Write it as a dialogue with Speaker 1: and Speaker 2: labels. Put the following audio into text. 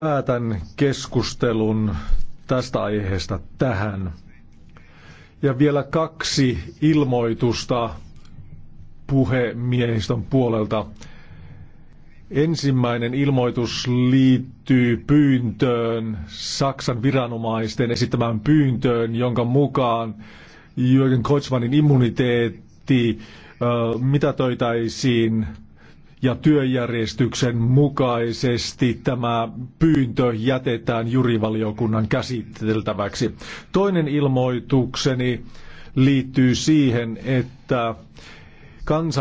Speaker 1: Päätän keskustelun tästä aiheesta tähän. Ja vielä kaksi ilmoitusta puhemiehistön puolelta. Ensimmäinen ilmoitus liittyy pyyntöön, Saksan viranomaisten esittämään pyyntöön, jonka mukaan Jürgen Koitsmanin immuniteetti mitätöitäisiin ja työjärjestyksen mukaisesti tämä pyyntö jätetään jurivaliokunnan käsiteltäväksi. Toinen ilmoitukseni liittyy siihen, että kansa